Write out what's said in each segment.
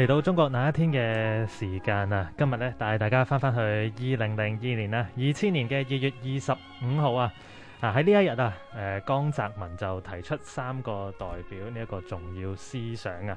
嚟到中國那一天嘅時間啊，今日咧帶大家翻返去二零零二年啦、啊，二千年嘅二月二十五號啊，啊喺呢一日啊，誒、呃、江澤民就提出三個代表呢一個重要思想啊。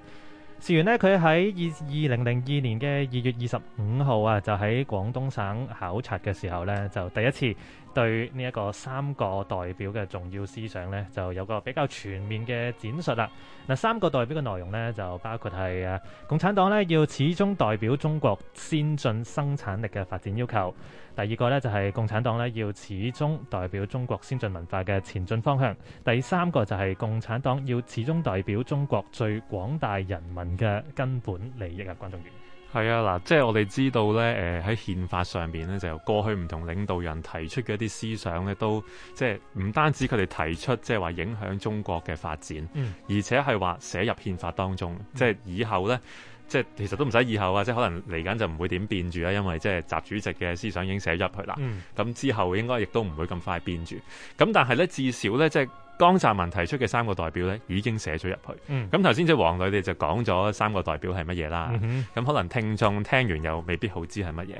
事緣呢，佢喺二二零零二年嘅二月二十五號啊，就喺廣東省考察嘅時候咧，就第一次，對呢一個三個代表嘅重要思想呢，就有個比較全面嘅展述啦。嗱，三個代表嘅內容呢，就包括係啊，共產黨呢要始終代表中國先進生產力嘅發展要求；第二個呢，就係共產黨呢要始終代表中國先進文化嘅前進方向；第三個就係共產黨要始終代表中國最廣大人民嘅根本利益啊，觀眾員係啊，嗱，即係我哋知道咧，誒、呃，喺憲法上邊咧，就過去唔同領導人提出嘅一啲思想咧，都即係唔單止佢哋提出，即係話影響中國嘅發展，嗯，而且係話寫入憲法當中，嗯、即係以後咧，即係其實都唔使以後啊，即係可能嚟緊就唔會點變住啦、啊，因為即係習主席嘅思想已經寫入去啦，咁、嗯、之後應該亦都唔會咁快變住，咁但係咧至少咧，即係。江澤民提出嘅三個代表咧，已經寫咗入去。咁頭先即係黃女哋就講咗三個代表係乜嘢啦。咁、嗯、可能聽眾聽完又未必好知係乜嘢。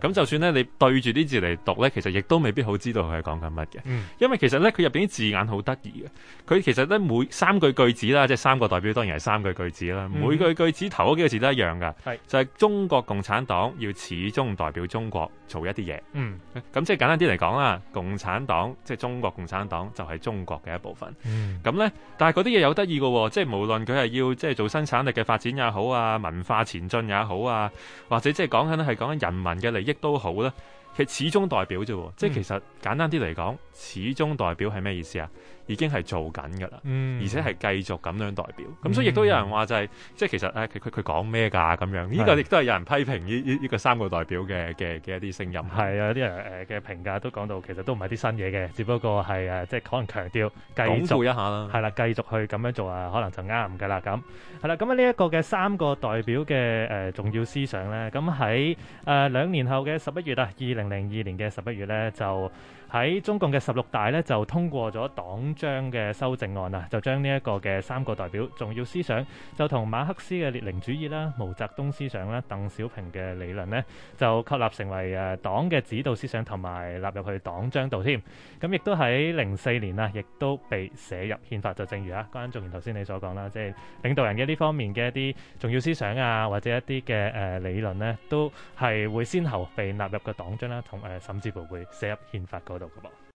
咁就算咧你對住啲字嚟讀咧，其實亦都未必好知道佢係講緊乜嘅。因為其實咧佢入面啲字眼好得意嘅。佢其實咧每三句句子啦，即係三個代表當然係三句句子啦。嗯、每句句子頭嗰幾個字都一樣㗎，就係、是、中國共產黨要始終代表中國做一啲嘢。咁、嗯、即係簡單啲嚟講啦，共產黨即係中國共產黨就係中國嘅部分，咁 呢，但係嗰啲嘢有得意嘅喎，即係無論佢係要即係做生產力嘅發展也好啊，文化前進也好啊，或者即係講緊係係講緊人民嘅利益都好啦。其實始終代表啫喎，即係其實簡單啲嚟講，始終代表係咩意思啊？已經係做緊㗎啦，而且係繼續咁樣代表。咁、嗯、所以亦都有人話就係、是嗯，即係其實咧，佢佢佢講咩㗎咁樣？呢、這個亦都係有人批評呢呢呢個三個代表嘅嘅嘅一啲聲音。係啊，有啲人誒嘅評價都講到其實都唔係啲新嘢嘅，只不過係誒即係可能強調，補一下啦。係啦、啊，繼續去咁樣做啊，可能就啱㗎啦咁。係啦，咁啊呢一個嘅三個代表嘅誒、呃、重要思想咧，咁喺誒兩年後嘅十一月啊，二。零零二年嘅十一月咧，就喺中共嘅十六大咧，就通過咗黨章嘅修正案啊，就將呢一個嘅三個代表重要思想，就同馬克思嘅列寧主義啦、毛澤東思想啦、鄧小平嘅理論呢，就確立成為誒黨嘅指導思想，同埋納入去黨章度添。咁亦都喺零四年啊，亦都被寫入憲法。就正如啊，關俊賢頭先你所講啦，即係領導人嘅呢方面嘅一啲重要思想啊，或者一啲嘅誒理論呢，都係會先後被納入嘅黨章啦，同、呃、誒，甚至乎會寫入憲法度噃。